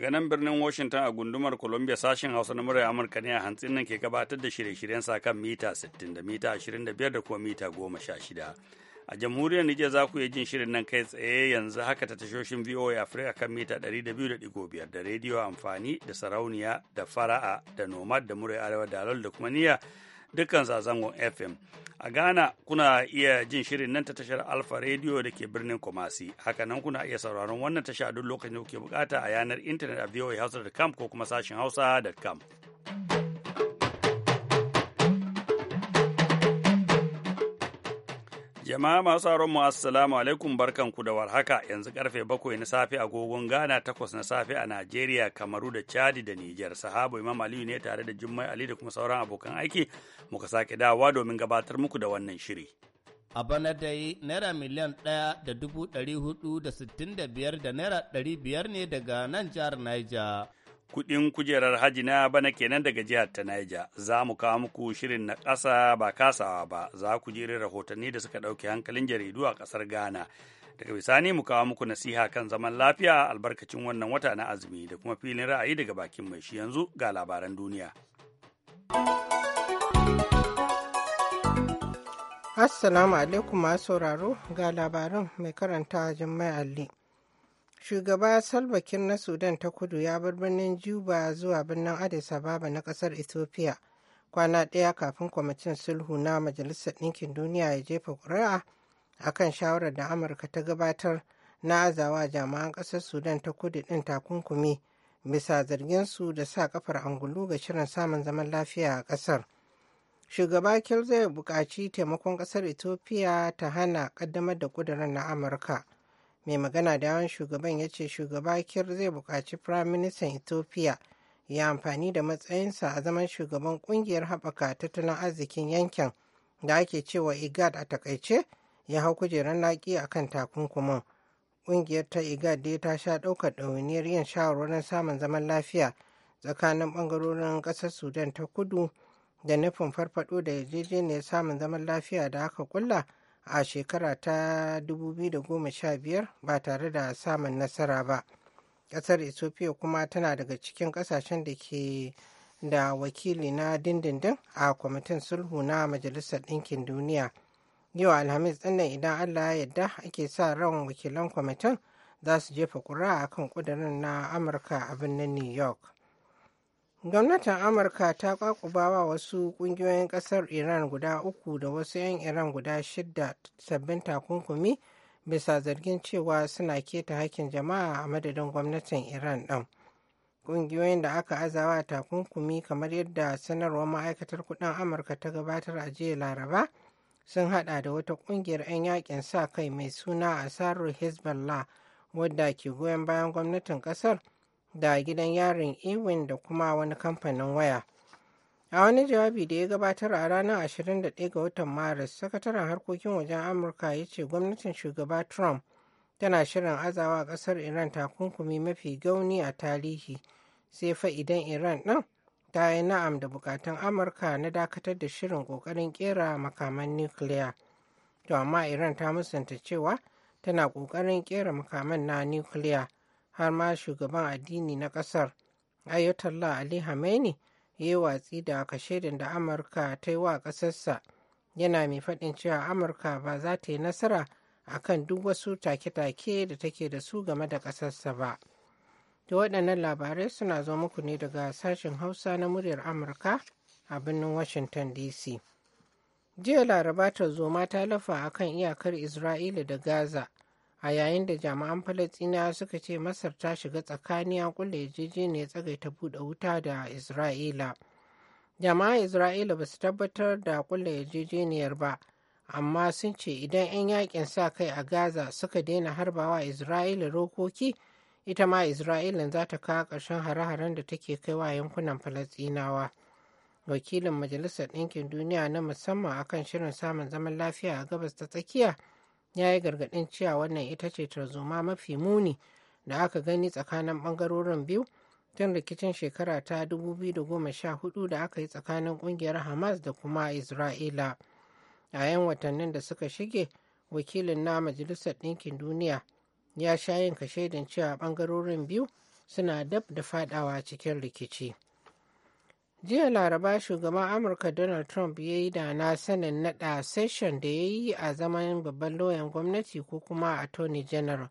daga nan birnin washington a gundumar columbia sashen hausa na murar amurka ne a hantsin nan ke gabatar da shirye-shiryen sa kan mita 60 da mita 25 da kuma mita 16 a jamhuriyar nijar za ku iya jin shirin nan kai tsaye yanzu haka ta tashoshin voa afirka kan mita 200.5 da rediyo amfani da sarauniya da fara'a da nomad da murai arewa da alal da kuma niyya dukkan zangon FM. A Ghana kuna iya jin shirin nan ta tashar Alfa Radio da ke birnin Kumasi. nan kuna iya sauraron wannan tasha duk lokacin da kuke bukata a yanar intanet a hausa voahausa.com ko kuma sashen da hausa.com. Jama'a masu sauran mu assalamu alaikum barkanku da warhaka yanzu karfe bakwai na safe agogon gana takwas na safe a Najeriya, Kamaru da Chadi da Nijar. Sahabu Imam Aliyu ne tare da Jummai Ali da kuma sauran abokan aiki muka sake dawowa domin gabatar muku da wannan shiri. A bana dai naira miliyan ɗaya da dubu ɗari hudu da sittin da biyar da naira ɗari biyar ne daga nan jihar Niger. kuɗin kujerar haji na bana kenan daga jihar ta Niger. Za mu kawo muku shirin na ƙasa ba kasawa ba, za ku jere rahotanni da suka ɗauki hankalin jaridu a ƙasar Ghana. Daga bisani mu kawo muku nasiha kan zaman lafiya albarkacin wannan wata na azumi da kuma filin ra'ayi daga bakin mai shi yanzu ga labaran duniya. Assalamu alaikum masu sauraro ga labaran mai karanta Jummai Ali. shugaba salbakin na sudan ta kudu ya bar birnin juba zuwa birnin addis ababa na kasar ethiopia kwana ɗaya kafin kwamitin sulhu na majalisar ɗinkin duniya ya jefa ƙuri'a a kan shawarar da amurka ta gabatar na azawa jama'an ƙasar sudan ta kudu ɗin takunkumi bisa zarginsu da sa kafar angulu ga shirin samun zaman lafiya a ƙasar shugaba kil zai buƙaci taimakon ƙasar ethiopia ta hana ƙaddamar da ƙudurin na amurka mai magana da yawan shugaban ya ce shugaba kir zai buƙaci firaministan ethiopia ya amfani da matsayinsa a zaman shugaban ƙungiyar haɓaka tattalin arzikin yankin da ake cewa igad a takaice ya hau kujerar naƙi a kan takunkumin ƙungiyar ta igad dai ta sha ɗaukar ɗawainiyar yin shawarwarin samun zaman lafiya tsakanin ɓangarorin ƙasar sudan ta kudu da nufin farfaɗo da yarjejeniyar samun zaman lafiya da aka kulla a shekara ta 2015 ba tare da samun nasara ba ƙasar ethiopia kuma tana daga cikin ƙasashen da ke da wakili na dindindin a kwamitin sulhu na majalisar ɗinkin duniya yau alhamis ɗinnan idan allah ya yarda ake sa ran wakilan kwamitin za su jefa a kan ƙudurin na amurka a birnin new york gwamnatin amurka ta ƙwaƙubawa wasu kungiyoyin kasar iran guda uku da wasu 'yan iran guda shida sabbin takunkumi bisa zargin cewa suna keta hakkin jama'a a madadin gwamnatin iran ɗin ƙungiyoyin da aka azawa takunkumi kamar yadda sanarwar ma'aikatar kudin amurka ta gabatar a jiya laraba sun hada da wata ƙungiyar 'yan yakin sa kai mai suna asarur hezbollah wadda ke goyon bayan gwamnatin ƙasar da gidan yarin ewin da kuma wani kamfanin waya a wani jawabi da ya gabatar a ranar 21 ga watan maris sakataren harkokin wajen amurka ya ce gwamnatin shugaba trump tana shirin azawa kasar iran takunkumi mafi gauni a tarihi sai fa idan iran din ta yi na'am da bukatun amurka na dakatar da shirin kokarin kera makaman nukiliya to amma iran ta musanta cewa tana kokarin kera makaman na nukiliya har ma shugaban addini na ƙasar ayatollah ali hamenei ya yi watsi da kashedin da amurka ta yi wa ƙasarsa yana mai faɗin cewa amurka ba za ta yi nasara a kan duk wasu take-take da take da su game da ƙasarsa ba da waɗannan labarai suna zo muku ne daga sashen hausa na muryar amurka a birnin washington dc jiya laraba ta zo ta lafa akan iyakar isra'ila da gaza a yayin da jami'an falastina suka ce masar ta shiga tsakani a kulle yarjejeniyar tsagaita buɗe wuta da isra'ila jami'an isra'ila ba su tabbatar da kulle yarjejeniyar ba amma sun ce idan 'yan yakin sa kai a gaza suka daina harbawa isra'ila rokoki ita ma isra'ila za ta kawo ƙarshen hare-haren da take kaiwa yankunan falasinawa wakilin majalisar ɗinkin duniya na musamman akan shirin samun zaman lafiya a gabas ta tsakiya ya yi gargaɗin cewa wannan ita ce tarzoma mafi muni da aka gani tsakanin ɓangarorin biyu tun rikicin shekara ta 2014 da aka yi tsakanin ƙungiyar hamas da kuma isra'ila a 'yan watannin da suka shige wakilin na majalisar ɗinkin duniya ya sha yin kashedin cewa ɓangarorin biyu suna dab da fadawa cikin rikici. jiya laraba shugaban amurka donald trump ya yi da na sanin nada session da ya yi a zaman babban lauyan gwamnati ko kuma attorney general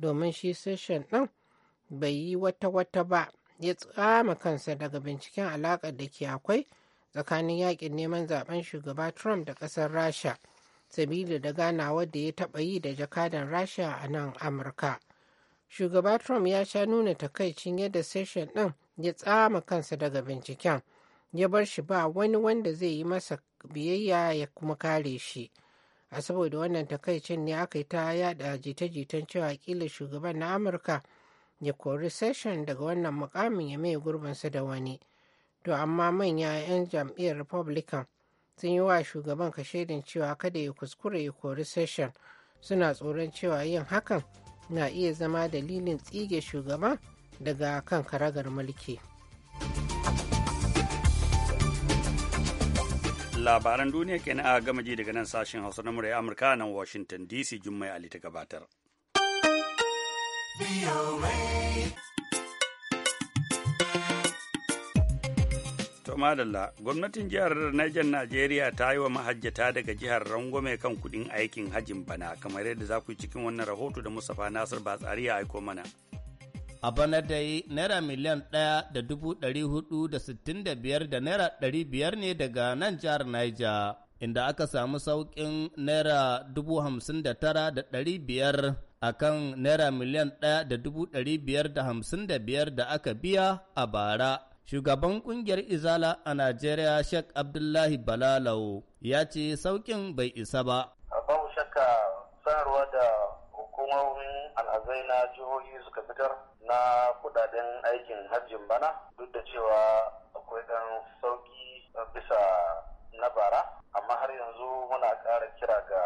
domin shi session ɗin bai yi wata-wata ba ya tsama kansa daga binciken alaƙar da ke akwai tsakanin yakin neman zaben shugaba trump da ƙasar rasha sabili da ganawa da ya taɓa yi da jakadan rasha a nan amurka shugaba trump ya sha nuna takaicin yadda session ɗin ya tsama kansa daga binciken ya bar shi ba wani wanda zai yi masa biyayya ya kuma kare shi a saboda wannan takaicin ne aka yi ta yada jita-jitan cewa kila shugaban na amurka ya kori session daga wannan mukamin ya mai gurbinsa da wani to amma manya 'yan jam'iyyar republican sun yi wa shugaban ka shaidin cewa kada ya kuskure ya kori session suna tsoron cewa yin hakan na iya zama dalilin tsige shugaban daga kan karagar mulki. Labaran duniya kenan a gama ji daga nan sashen Hausa na murya Amurka nan Washington DC Jummai Ali ta gabatar. madalla gwamnatin jihar Niger Najeriya ta yi wa mahajjata daga jihar rangwame kan kudin aikin hajin bana kamar yadda za ku yi cikin wannan rahoto da Mustapha Nasir Batsari ya aiko mana. A bana dai Naira miliyan ɗaya da dubu ɗari hudu da sittin da biyar da Naira ɗari biyar ne daga nan jihar Niger, inda aka samu sauƙin Naira dubu hamsin da tara da ɗari biyar a kan Naira miliyan ɗaya da dubu ɗari biyar da hamsin da biyar da aka biya a bara. Shugaban ƙungiyar Izala a Najeriya Sheikh Abdullahi Balalau ya ce sauƙin bai isa ba. Babu shakka sanarwa da hukumomin al'azai na jihohi suka fitar na kudaden aikin hajjin bana duk da cewa akwai dan sauki bisa na bara amma har yanzu muna ƙara kira ga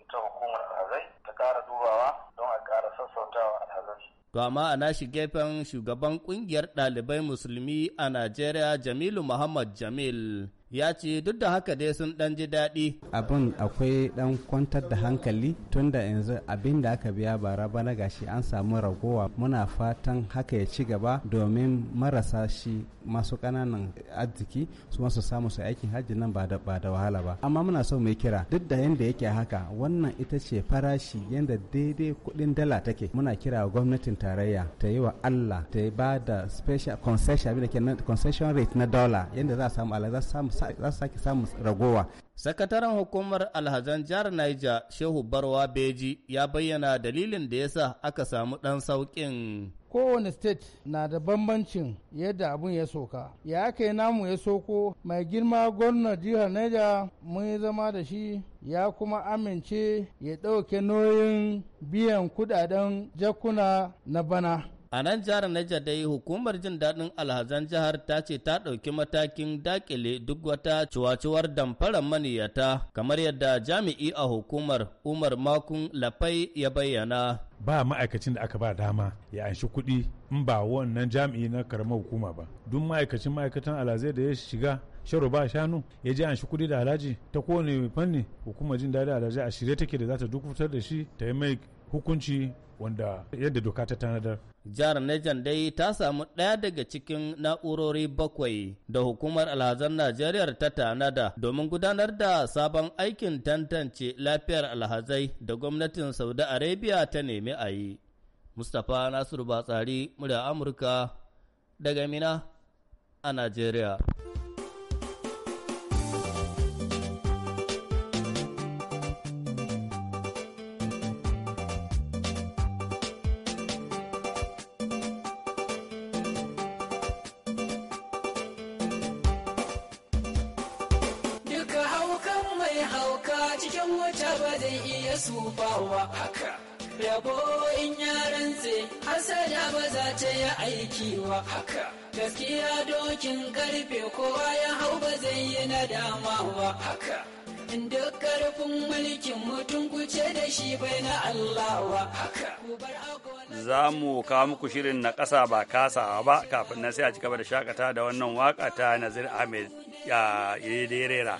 ita hukumar alhazai ta ƙara dubawa don a ƙara sassautawa alhazai To amma a nashi gefen shugaban kungiyar ɗalibai musulmi a Najeriya Jamilu Muhammad Jamil ya ce duk da haka dai sun dan ji daɗi. abin akwai dan kwantar da hankali tun da yanzu abin da aka biya bara bana gashi an samu ragowa muna fatan haka ya ci gaba domin marasa shi masu ƙananan arziki su masu samu su aikin hajji nan ba da wahala ba amma muna so mai kira duk da yanda yake haka wannan ita ce farashi yanda daidai kuɗin dala take muna kira gwamnatin tarayya ta yi wa Allah ta ba da special concession rate na dollar yanda za a samu za samu za su sake samun ragowa. Sakataren hukumar alhazan jihar Niger Shehu Barwa Beji ya bayyana dalilin da ya sa aka samu ɗan sauƙin. Kowane state na da bambancin yadda abun ya soka. Ya aka yi namu ya soko mai girma gwamna jihar Niger mun yi zama da shi ya kuma amince ya ɗauke nauyin biyan kudaden jakuna na bana. A nan jihar Niger dai hukumar jin daɗin alhazan jihar ta ce ta ɗauki matakin dakile duk wata ciwaciwar damfarar maniyata kamar yadda jami'i a hukumar Umar Makun Lafai ya bayyana. Ba ma'aikacin da aka ba dama ya anshi kuɗi in ba wannan jami'i na karamar hukuma ba. Duk ma'aikacin ma'aikatan alhazai da ya shiga sharo ba shanu ya je anshi kuɗi da alhaji ta kowane fanni hukumar jin daɗin alhaji a shirye take da za ta duk fitar da shi ta yi mai hukunci wanda yadda doka ta tanadar. Jihar Nejan dai ta samu ɗaya daga cikin na'urori bakwai da hukumar alhazan Najeriya ta tanada domin gudanar da sabon aikin tantance lafiyar alhazai da gwamnatin Saudi Arabia ta nemi a yi. Mustapha Nasiru Batsari, murya Amurka, daga Mina a Najeriya. wuta ba zai iya sufawa haka Yabo in yaran sai hasada ba za ta yi aiki wa haka gaskiya dokin karfe kowa ya hau ba zai yi nadama wa haka in duk karfin mulkin mutum kuce da shi bai na Allah wa haka za mu kawo muku shirin na ƙasa ba kasawa ba kafin na sai a cika da shakata da wannan waka ta Nazir Ahmed ya rera.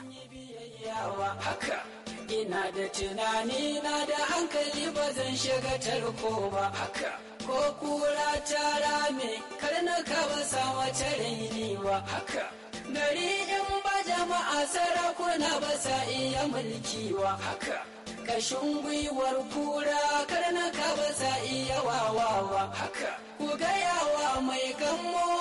Haka. ina da tunani na da hankali ba zan shiga tarko ba haka ko kura ta rame karnaka ba sa wata raini ba haka gari in ba jama'a sarakuna ba sa iya mulki wa haka kashin gwiwar kura kar karnaka ba sa iya wawawa haka ku gaya wa mai gammo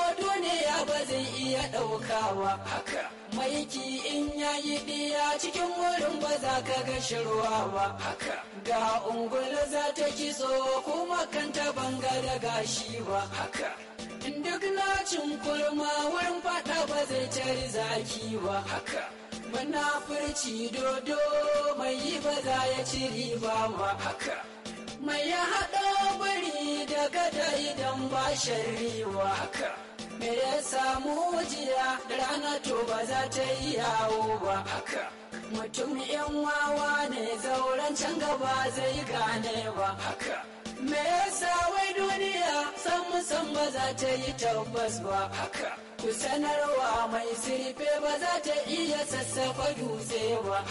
ɗaukawa haka maiki in yayi ɗiya cikin wurin ba za ka ga shirwa ba haka ga ungula za ta kitso kuma kanta banga da gashi ba haka duk nacin kurma wurin faɗa ba zai cari zaki ba haka furci dodo mai yi ba za ya ci riba ma haka mai ya haɗa bari daga da idan ba shari'a haka me ya samu jiya da rana to ba za ta yi yawo ba mutum yan wawa ne zauren can gaba zai gane ba me yasa wai duniya san musan ba za ta yi tabbas ba ku sanarwa mai sirfe ba za ta iya sassafa dutse ba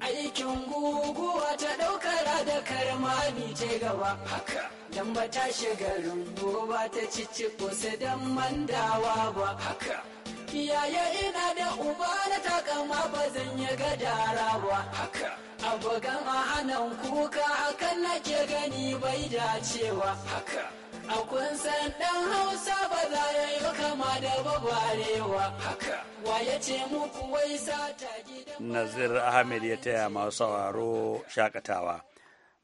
aikin guguwa ta ɗaukar karma mani ce gaba haka dan ba ta shiga rumbu ba ta cici kusa dan mandawa ba haka iyaye ina da uba na takama ba zan yi gadara ba haka abokan a hannun kuka hakan nake gani bai dacewa haka a kunsan san dan hausa ba za ya yi kama da babarewa haka wa ya ce muku wai sata gidan nazir ahmed ya taya masu sauraro shakatawa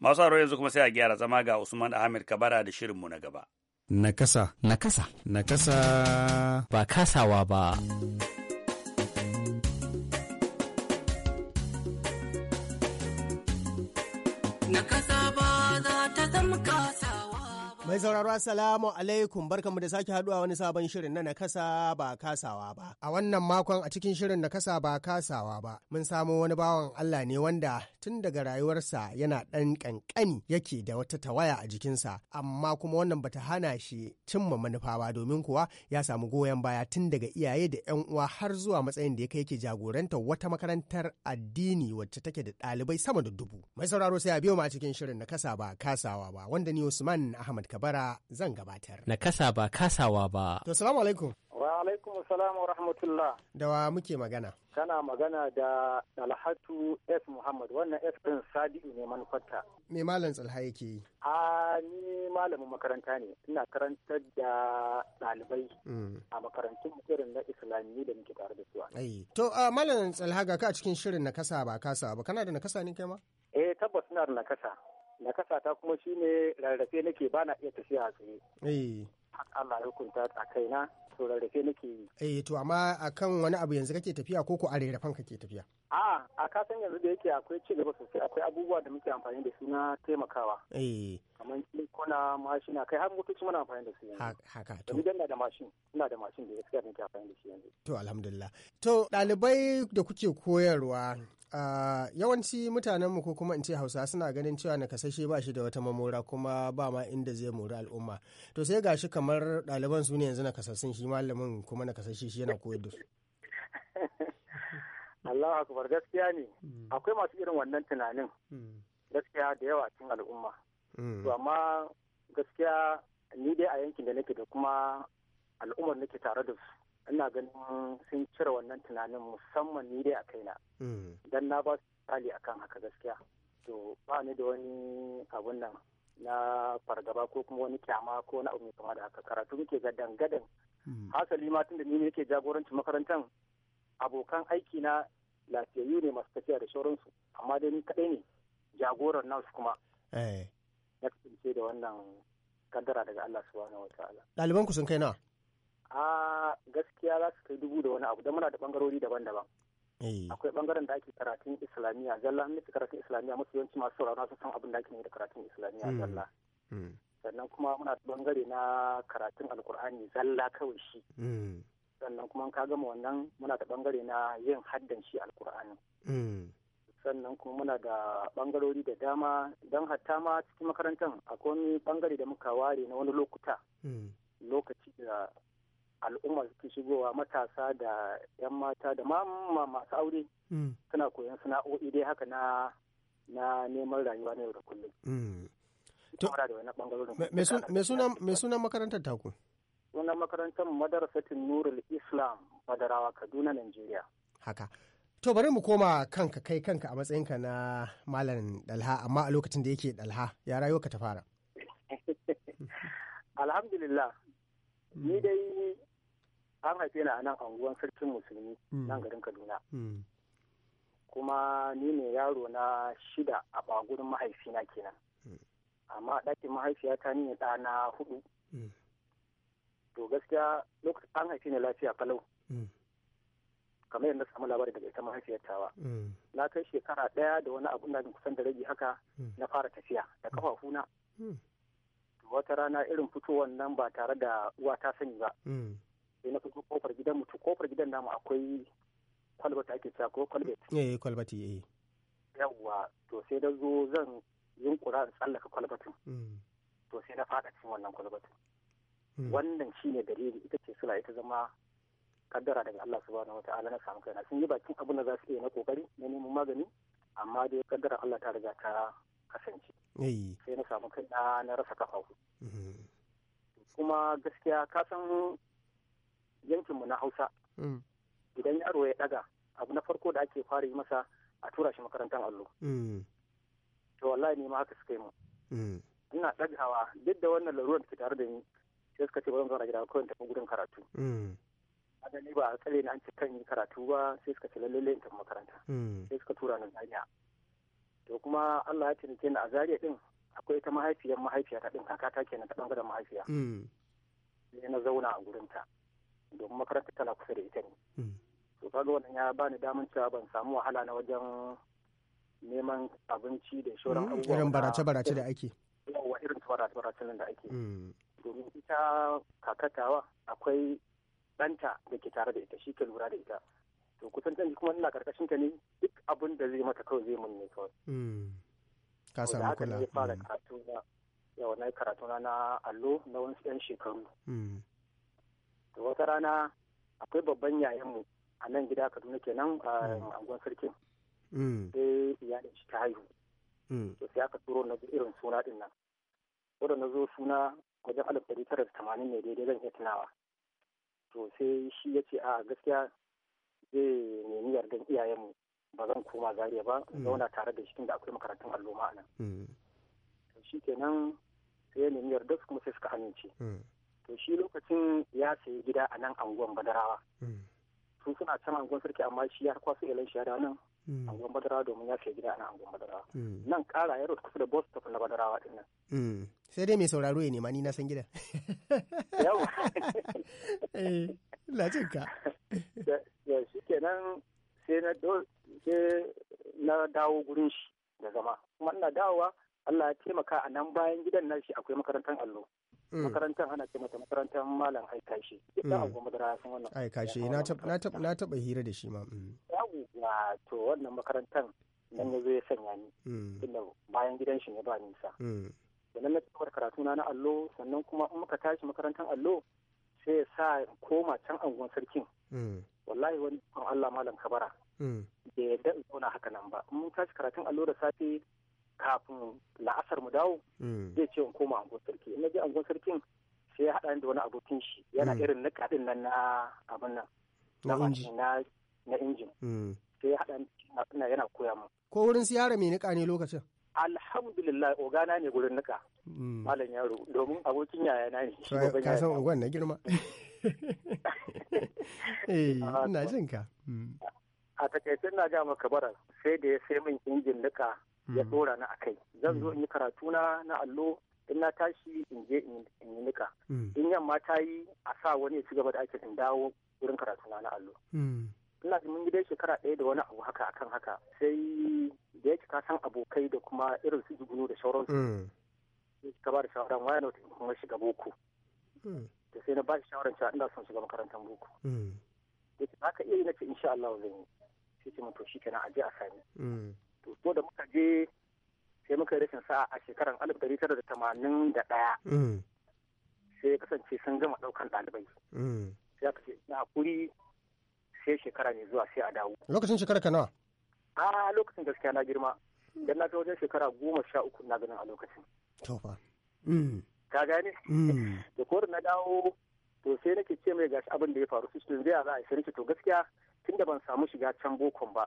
Masu haro yanzu kuma sai a gyara zama ga Usman Ahmed Kabara da shirinmu na gaba. Nakasa. Nakasa. Nakasa. Ba kasawa ba. Mai sauraro Assalamu alaikum barkamu da sake haduwa wani sabon shirin na kasa ba kasawa ba. A wannan makon a cikin shirin nakasa ba kasawa ba mun samo wani bawan Allah ne wanda tun daga rayuwarsa yana ɗan ƙanƙani yake da wata tawaya a jikinsa amma kuma wannan bata hana shi cimma manufa ba domin kuwa ya samu goyon baya tun daga iyaye da 'yan uwa har zuwa matsayin da ya kai yake jagorantar wata makarantar addini wacce take da ɗalibai sama da dubu. Mai sauraro sai a biyo mu a cikin shirin nakasa ba kasawa ba wanda ni Usman Ahmad Tabara zan gabatar. Na kasa ba kasawa ba. To salamu alaikum. Wa alaikum salam wa rahmatullah. Da wa muke magana? Kana magana da Alhatu S Muhammad wannan S ɗin Sadiu ne manufarta. Me malam tsalha yake yi? A ni malamin makaranta ne. Ina karantar da ɗalibai mm. a makarantun irin na Islamiyyu da muke tare da su. Ai, to malam tsalha ga ka cikin shirin na kasa ba kasa ba. Kana da na kasa ne kai ma? Eh tabbas ina da na kasa. na ta kuma shi ne rarrafe nake ba na iya tafiya tsaye eh. Allah ya hukunta a kaina to rarrafe nake yi. Eh to amma akan wani abu yanzu kake tafiya ko ko a rarrafan kake tafiya? A a kasan yanzu da yake akwai ci gaba sosai akwai abubuwa da muke amfani da su na taimakawa. Eh. Kamar kuna mashina kai har motoci muna amfani da su yanzu. Haka to. Idan na da mashin ina da mashin da gaskiya nake amfani da shi yanzu. To alhamdulillah. To ɗalibai da kuke koyarwa a yawanci mutanenmu ko kuma in ce hausa suna ganin cewa nakasashe ba shi da wata mamora kuma ba ma inda zai mori al'umma to sai shi kamar ɗaliban su ne yanzu nakasassun shi malamin kuma kasashe shi yana koyar da su Allah akbar gaskiya ne hmm. akwai masu irin wannan tunanin hmm. gaskiya da yawa cikin al'umma hmm. to amma gaskiya ni dai a yankin da nake da kuma al'ummar nake tare da su ina ganin sun cire wannan tunanin musamman ni dai a kaina hmm. dan na ba su misali akan haka gaskiya to ba ni da wani abun nan na fargaba ko kuma wani kyama ko na abu mai kama da haka karatu muke gadan gadan hmm. hasali ma da ni ne yake jagorancin makarantar abokan aiki na lafiyayyu ne masu tafiya da shauransu amma dai ni kaɗai ne jagoran nasu kuma eh. na kasance da wannan kaddara daga Allah subhanahu wa ta'ala ɗaliban ku sun kai nawa a gaskiya za su kai dubu da wani abu don muna da bangarori daban-daban eh. akwai bangaren da ake karatun islamiyya zalla an su karatun islamiyya masu yawanci masu sauraro su san abin da ake da karatun islamiyya hmm. zalla hmm. sannan kuma muna da bangare na karatun alkur'ani zalla kawai shi hmm. sannan kuma ka gama wannan muna da bangare na yin haddan shi alkur'ani sannan kuma muna da bangarori da dama don hatta ma cikin makarantar akwai wani bangare da muka ware na wani lokuta lokaci da al'umma suke shigowa matasa da 'yan mata da mamma masu aure mm. suna koyon sana'o'i dai haka na na neman rayuwa na yau da kullum. Mm. Me sunan makarantar taku? Sunan makarantar madarasatin Nurul Islam Madarawa Kaduna, Najeriya. Haka. To bari mu koma kanka kai kanka a matsayinka na malam dalha amma a lokacin da yake dalha ya rayuwa ka ta fara. Alhamdulillah. Ni mm. dai an haife ni a nan anguwan sarkin musulmi mm. nan garin kaduna mm. kuma ni ne yaro na shida a bagurin mahaifina kenan mm. amma a ɗakin mahaifiyata ni ne ɗa na hudu to gaskiya lokacin an haife ni lafiya falau kamar yadda samu labari daga ita mahaifiyar tawa na kai shekara ɗaya da wani abun na kusan da rage haka na fara tafiya da kafafuna wata rana irin fitowar nan ba tare da uwa ta sani ba sai na fito kofar gidan mu kofar gidan namu akwai kwalbati ake cewa ko kwalbati eh kwalbati eh yawa to sai da zo zan yunkura in tsallaka kwalbatin mm. to sai na fada cikin wannan kwalbatin mm. wannan shine dalili ita ce sula ita zama kaddara daga Allah subhanahu wataala na samu kaina sun yi bakin abin da za su iya na kokari na neman magani amma dai kaddara Allah ta riga ta kasance eh. sai na samu kaina na rasa kafafu. Mm. kuma gaskiya ka san yankinmu na hausa mm. idan yaro ya daga abu na farko da ake fara yi masa a tura shi makarantar allo mm. to wallahi ne ma haka suka yi mu mm. ina dagawa duk da wannan laruwar ke tare da ni sai suka ce ba zan zauna gida kawai tafi gudun karatu haka ni ba a tsare ni an ce kan yi karatu ba sai suka ce lalle in tafi makaranta sai suka tura ni zariya to kuma Allah ya taimake ni a zariya din akwai ta mahaifiyar mahaifiya ta din ta kenan ta bangaren mahaifiya sai na zauna a gurin ta domin makarantar tana kusa da ita ne hmm. to kaga wannan ya bani daman cewa ban samu wahala na wajen neman abinci da shauran hmm, abubuwa irin barace barace da ake yawa irin barace barace da ake hmm. domin ita kakatawa akwai ɗanta da ke tare da ita shi ke lura da ita to kusan canji kuma ina karkashin ta ne duk abin da zai mata kawai zai mun ne kawai ka samu kula ya fara karatu na yawa na karatu na allo na wani yan shekaru da wata rana akwai babban yayanmu a nan gida kaduna kenan a mm. angon sarkin mm. sai iyalin shi ta haihu mm. to sai aka turo na irin suna din nan wanda na zo suna wajen alif ɗari tara da tamanin ne daidai zan iya tunawa to sai shi ya ce a gaskiya zai nemi yardan iyayenmu ba zan koma zariya ba zauna tare da shi da akwai makarantun alluma a nan shi kenan sai ya nemi yarda kuma sai suka amince to shi lokacin ya sayi gida a nan anguwan badarawa mm. sun suna can angon sarki amma shi ya kwasu ilan shi da nan mm. anguwan badarawa domin ya sayi gida a nan anguwan badarawa mm. nan kara ya rotu kusa da bus stop na badarawa din nan sai dai mai sauraro ya nema ni na san gida yawa eh ya shi kenan sai na sai na dawo gurin shi da zama kuma ina dawowa Allah ya taimaka a nan bayan gidan nan shi akwai makarantar allo Mm. makarantar hana ce mata makarantar malam ya ta mm. abu madara sun wannan haikashi na taba hira da shi ma mm. yawwa to wannan makarantar nan ya zo ya sanya ni tunda bayan gidan shi ne ba nisa sannan na tabar karatu na na allo sannan kuma in muka tashi makarantar allo sai ya sa koma can anguwan sarkin wallahi wani Allah malam kabara da ya zauna haka nan ba mun tashi karatun allo da safe kafin la'asar mu dawo mm. zai ce in koma angon sarki in je angon sarkin sai ya haɗa da wani abokin shi yana mm. irin na kaɗin nan na abin nan na injin mm. sai ya haɗa na yana koya mu ko wurin siyara mai niƙa ne lokacin alhamdulillah ogana ne gurin niƙa malam yaro domin abokin yaya na ne ka san ogon na girma eh ina jin ka a takaicin na ga maka bara sai da ya sai min injin niƙa ya mm. dora na akai zan zo mm. in yi karatu na na allo in na tashi in je in yi nika mm. in yamma ta yi a sa wani ya ci gaba da ake in dawo wurin karatu na na allo ina ji mun gidan shekara ɗaya da wani abu haka akan haka sai da yake ka san abokai da kuma irin su jigunu da sauransu ka ba da shawaran waya na kuma shiga boko da sai na ba shi shawaran cewa ina son shiga makarantar boko yake za ka iya yi na ce insha Allah zan yi sai ce shi kenan a je a sami ko da muka je sai muka yi rashin sa'a a shekarar alif dari tara da tamanin da ɗaya mm. sai ya kasance sun gama ɗaukan ɗalibai mm. sai aka ce na kuri sai shekara ne zuwa sai a dawo lokacin shekara ka nawa a lokacin gaskiya na girma dan na ta wajen shekara goma sha uku na ganin a lokacin to fa mm. ka gane da korin na dawo to sai nake ce mai gashi abin da ya faru su zai za a shirki to gaskiya tun da ban samu shiga can bokon ba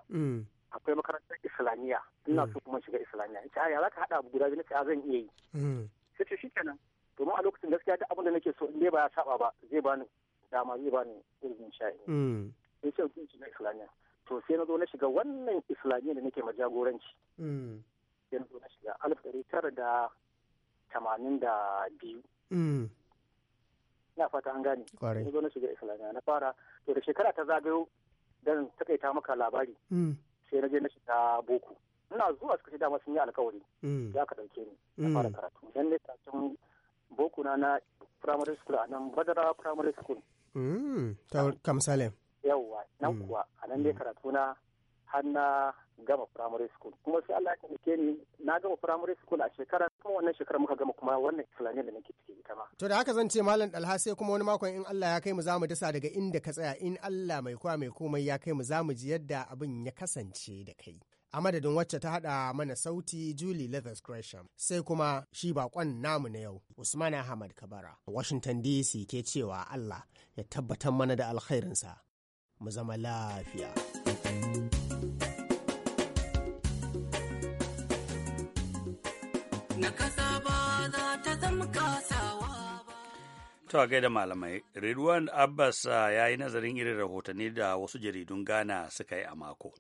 akwai makarantar islamiyya ina so hmm. kuma shiga islamiyya in ce ya za ka haɗa abu guda biyu na zan iya yi hmm. sai ce shikenan domin a lokacin gaskiya duk abin da nake so in dai ba ya saba ba zai bani dama zai bani irin sha'i hmm. sai ce sun shiga islamiyya to sai na zo na shiga wannan islamiyya da nake ma jagoranci sai na zo na shiga alif ɗari tara da tamanin da biyu ina fata an gane na zo na shiga islamiyya na fara to da shekara ta zagayo dan takaita maka labari sai na je na shiga boko ina zuwa suka ce dama sun yi alkawari mm. ya ka ɗauke ni na mm. fara karatu dan ne karatun boko na na primary school a nan badara primary school mm. ta kamsalem yawwa nan kuwa a nan ne karatu na har na gama primary school kuma sai Allah ya taimake ni na gama primary school a shekarar kuma wannan shekarar muka gama kuma wannan fulani da nake ciki ita ma. To da haka zan ce malam Dalha sai kuma wani makon in Allah ya kai mu zamu dasa daga inda ka tsaya in Allah mai kowa mai komai ya kai mu zamu ji yadda abin ya kasance da kai. A madadin wacce ta haɗa mana sauti Julie Leathers Gresham sai kuma shi bakon namu na yau Usman Ahmad Kabara Washington DC ke cewa Allah ya tabbatar mana da alkhairinsa mu zama lafiya. na kasa ba za ta zama kasawa To a gaida malamai, redwan Abbas ah, ya yi nazarin irin rahotanni da wasu jaridun Ghana suka yi a mako.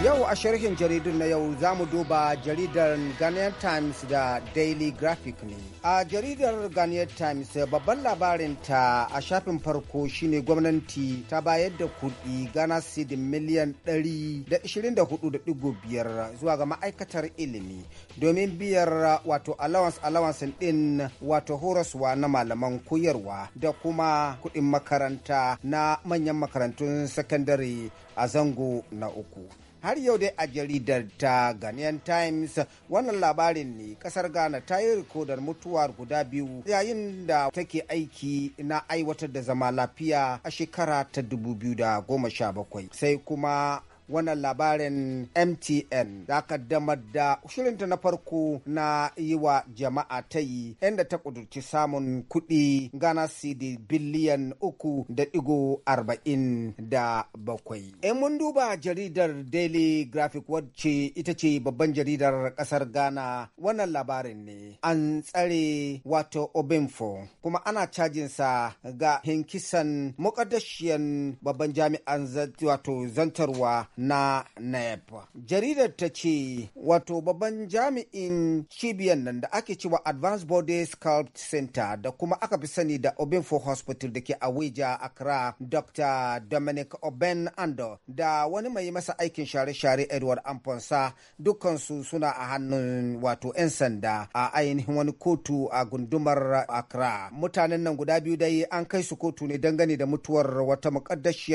Yau a sharhin jaridun na yau za mu duba jaridar Ghanaian Times da Daily Graphic ne. A jaridar Ghanaian Times babban labarinta a shafin farko shine gwamnati ta bayar da kuɗi Ghana seed miliyan 124.5 zuwa ga ma'aikatar ilimi domin biyar wato allowance allowance din wato horaswa na malaman koyarwa da kuma kuɗin makaranta na manyan makarantun sakandare a zango na uku. har yau dai a jaridar ta Ghanaian Times wannan labarin ne kasar Ghana ta yi rikodar mutuwar guda biyu yayin da take aiki na aiwatar da zama lafiya a shekara ta 2017 sai kuma wannan labarin mtn da kaddamar da shirinta na farko na yi wa jama'a ta yi inda ta kudurci samun kuɗi gana cd biliyan uku da digo arba'in da bakwai in mun duba jaridar daily graphic wacce ita ce babban jaridar ƙasar ghana wannan labarin ne an tsare wato obinfo kuma ana cajinsa ga hinkisan mukaddashiyan babban jami'an wato zantarwa na nep jaridar ta ce wato babban jami'in cibiyar nan da ake cewa advanced body sculpt center da kuma aka fi sani da Obinfo hospital da ke abuja accra dr dominic oben ando da wani mai masa aikin share-share edward Amponsa dukansu suna a hannun wato 'yan sanda a ainihin wani kotu a gundumar accra mutanen nan guda biyu dai an kai su kotu ne dangane da mutuwar wata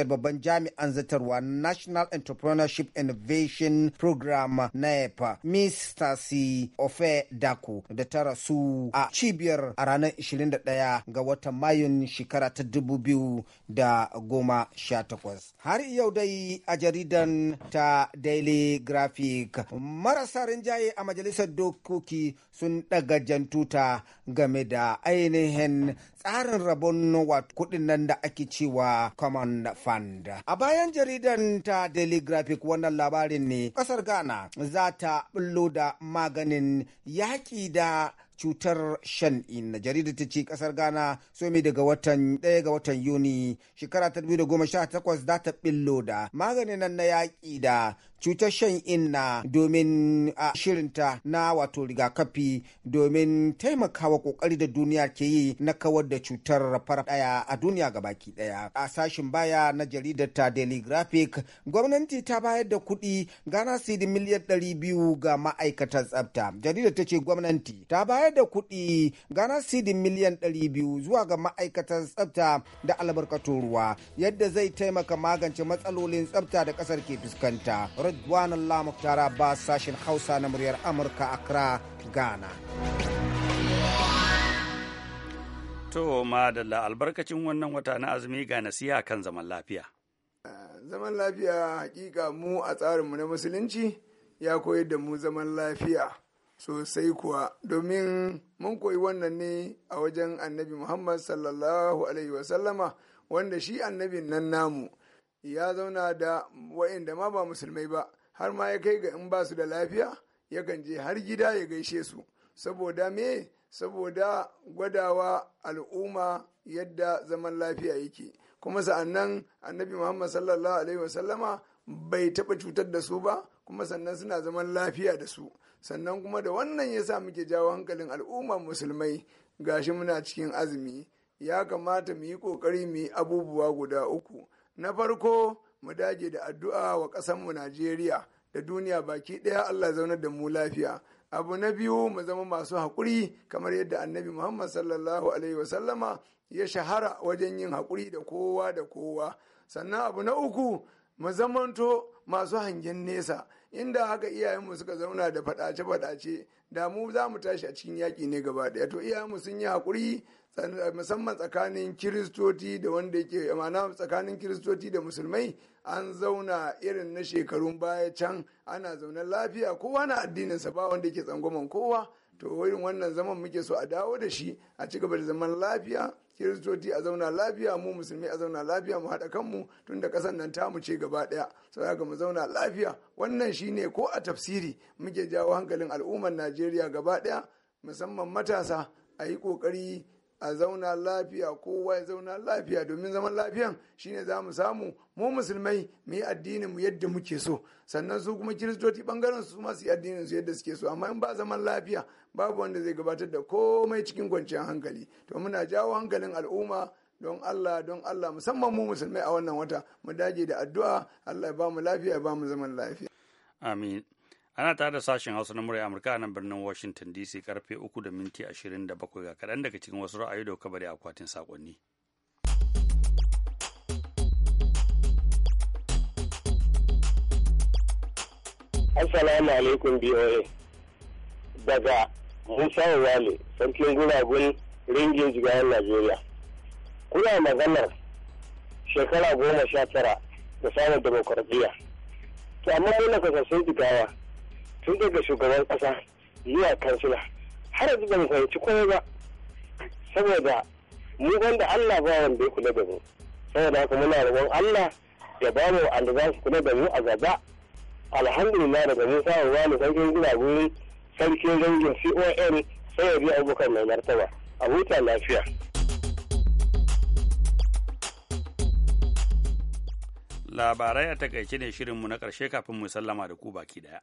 babban jami'an zatarwa national Entrepreneurship Innovation Program EPA, Miss Stacy Ofe Daku da ta rasu a cibiyar a ranar 21 ga watan Mayun shekara ta 2018. Har yau dai a jaridan ta Daily Graphic marasa rinjaye a majalisar dokoki sun ɗaga jantuta game da ainihin tsarin rabon wato kuɗin nan da ake cewa common fund a bayan jaridan ta daily graphic wannan labarin ne ƙasar ghana za ta bullo da maganin yaƙi da cutar shan inna jarida ta ce kasar ghana somi mai daga watan ɗaya ga watan yuni shekara ta 2018 za ta billo da maganin nan na yaƙi da cutar shan inna domin a shirinta na wato rigakafi domin taimakawa kokari da duniya ke yi na kawar da cutar fara daya a duniya gabaki daya a sashin baya na jaridar ta daily graphic gwamnati ta bayar da kuɗi gana sidi miliyan ɗari biyu ga ma'aikatan tsafta jaridar ta ce gwamnati ta bayar da kuɗi gana sidi miliyan ɗari biyu zuwa ga ma'aikatan tsafta da albarkatun ruwa yadda zai taimaka magance matsalolin tsafta da ƙasar ke fuskanta Ridwan Lamuktara ba sashen Hausa na muryar Amurka Accra, Ghana. To, madalla albarkacin wannan wata na azumi ga nasiha kan zaman lafiya. Ah, zaman lafiya hakika mu a tsarinmu na musulunci ya koyar da mu zaman lafiya sosai kuwa domin mun koyi wannan ne a wajen annabi Muhammad sallallahu Alaihi wasallama wanda shi annabin nan namu. ya zauna da waɗanda ma ba musulmai ba har ma ya kai ga in ba su da lafiya yakan je har gida ya gaishe su saboda me saboda gwadawa al'umma yadda zaman lafiya yake kuma sa'annan annabi muhammad sallallahu alaihi wasallama bai taɓa cutar da su ba kuma sannan suna zaman lafiya da su sannan kuma da wannan ya sa muke jawo hankalin al'umma musulmai gashi muna cikin azumi ya kamata mu yi ƙoƙari mu yi abubuwa guda uku na farko mu dage da addu'a wa mu najeriya da duniya baki ɗaya allah zaunar da mu lafiya abu na biyu mu zama masu haƙuri kamar yadda annabi muhammad sallallahu alaihi wasallama ya shahara wajen yin haƙuri da kowa da kowa sannan abu na uku mu zamanto masu hangen nesa inda haka iyayenmu suka zauna da faɗace-faɗace da mu za mu tashi a cikin yaƙi ne gaba ɗaya to iyayenmu sun yi haƙuri eh, musamman tsakanin kiristoci da wanda yake ma'ana tsakanin kiristoci da musulmai an zauna irin na shekarun baya can ana zaune lafiya kowa na addininsa ba wanda yake tsangwaman kowa to irin wannan zaman muke so a dawo da shi a ci gaba da zaman lafiya kiristoci a zauna lafiya mu musulmi a zauna lafiya mu haɗa kanmu tun da ƙasar nan tamu ce gaba ɗaya ga mu zauna lafiya wannan shine ko a tafsiri muke jawo hankalin al'ummar najeriya gaba ɗaya musamman matasa a yi ƙoƙari a zauna lafiya kowa ya zauna lafiya domin zaman lafiyan shine za mu samu mu musulmai mu yi addinin mu yadda muke so sannan su kuma kiristoci bangaren su ma su yi addinin su yadda suke so amma in ba zaman lafiya babu wanda zai gabatar da komai cikin kwanciyar hankali to muna jawo hankalin al'umma don Allah don Allah musamman mu musulmai a wannan wata mu dage da addu'a Allah ya ba mu lafiya ya ba mu zaman lafiya amin ana tare da sashen hausa na murya amurka a nan birnin washington dc karfe 3 da minti 27 ga kaɗan daga cikin wasu ra'ayi da kabari akwatin sakonni. Assalamu alaikum BOA. Daga Musa Wale, sarkin guragun ringin jigayen Najeriya. Kuna maganar shekara goma sha tara da samun demokuraɗiyya. To amma yana kasashen jigawa tun daga shugaban kasa zuwa kansila har yanzu ba mu fahimci komai ba saboda mu da Allah ba wanda ya kula da mu saboda haka muna rabon Allah ya ba mu wanda za su kula da mu a gaba alhamdulillah daga mun samu wani sarkin guragu sarkin rangin con sai ya biya abubakar mai martaba a huta lafiya labarai a takaice ne shirinmu na ƙarshe kafin mu sallama da ku baki daya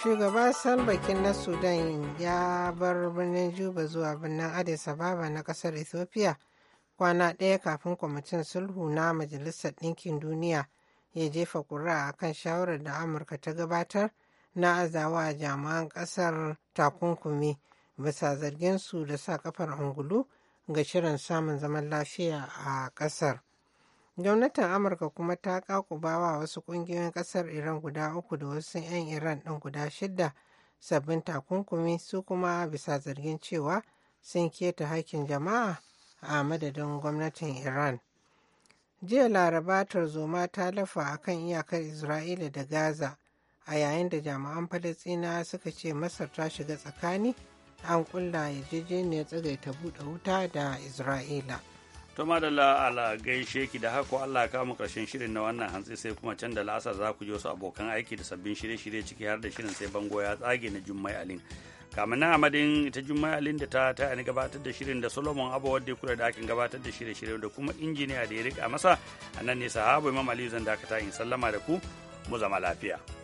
shugaba salbakin na sudan ya bar birnin juba zuwa birnin addis ababa na kasar ethiopia kwana ɗaya kafin kwamitin sulhu na majalisar ɗinkin duniya ya jefa ƙuri'a a kan shawarar da amurka ta gabatar na azawa jami'an ƙasar takunkumi bisa zarginsu da sa kafar ungulu ga shirin samun zaman lafiya a ƙasar gwamnatin amurka kuma ta kakubawa wasu ƙungiyoyin ƙasar iran guda uku da wasu 'yan iran ɗin guda shida sabbin takunkumi su kuma bisa zargin cewa sun keta haƙƙin jama'a a madadin gwamnatin iran jiya laraba tarzoma ta lafa a kan iyakar isra'ila da gaza a yayin da jami'an falastina suka ce masar ta shiga tsakani an kulla yarjejeniyar tsagaita buɗe wuta da isra'ila to madalla ala gaishe ki da hako Allah ka mu karshen shirin na wannan hantsi sai kuma can da la'asar za ku je su abokan aiki da sabbin shirye-shirye ciki har da shirin sai bango ya tsage na jummai alin kamar na amadin ita jummai alin da ta ta ni gabatar da shirin da solomon abu wadda kula da akin gabatar da shirye-shirye da kuma injiniya da ya rika masa a nan ne sahabu imam aliyu zan dakata in sallama da ku mu zama lafiya.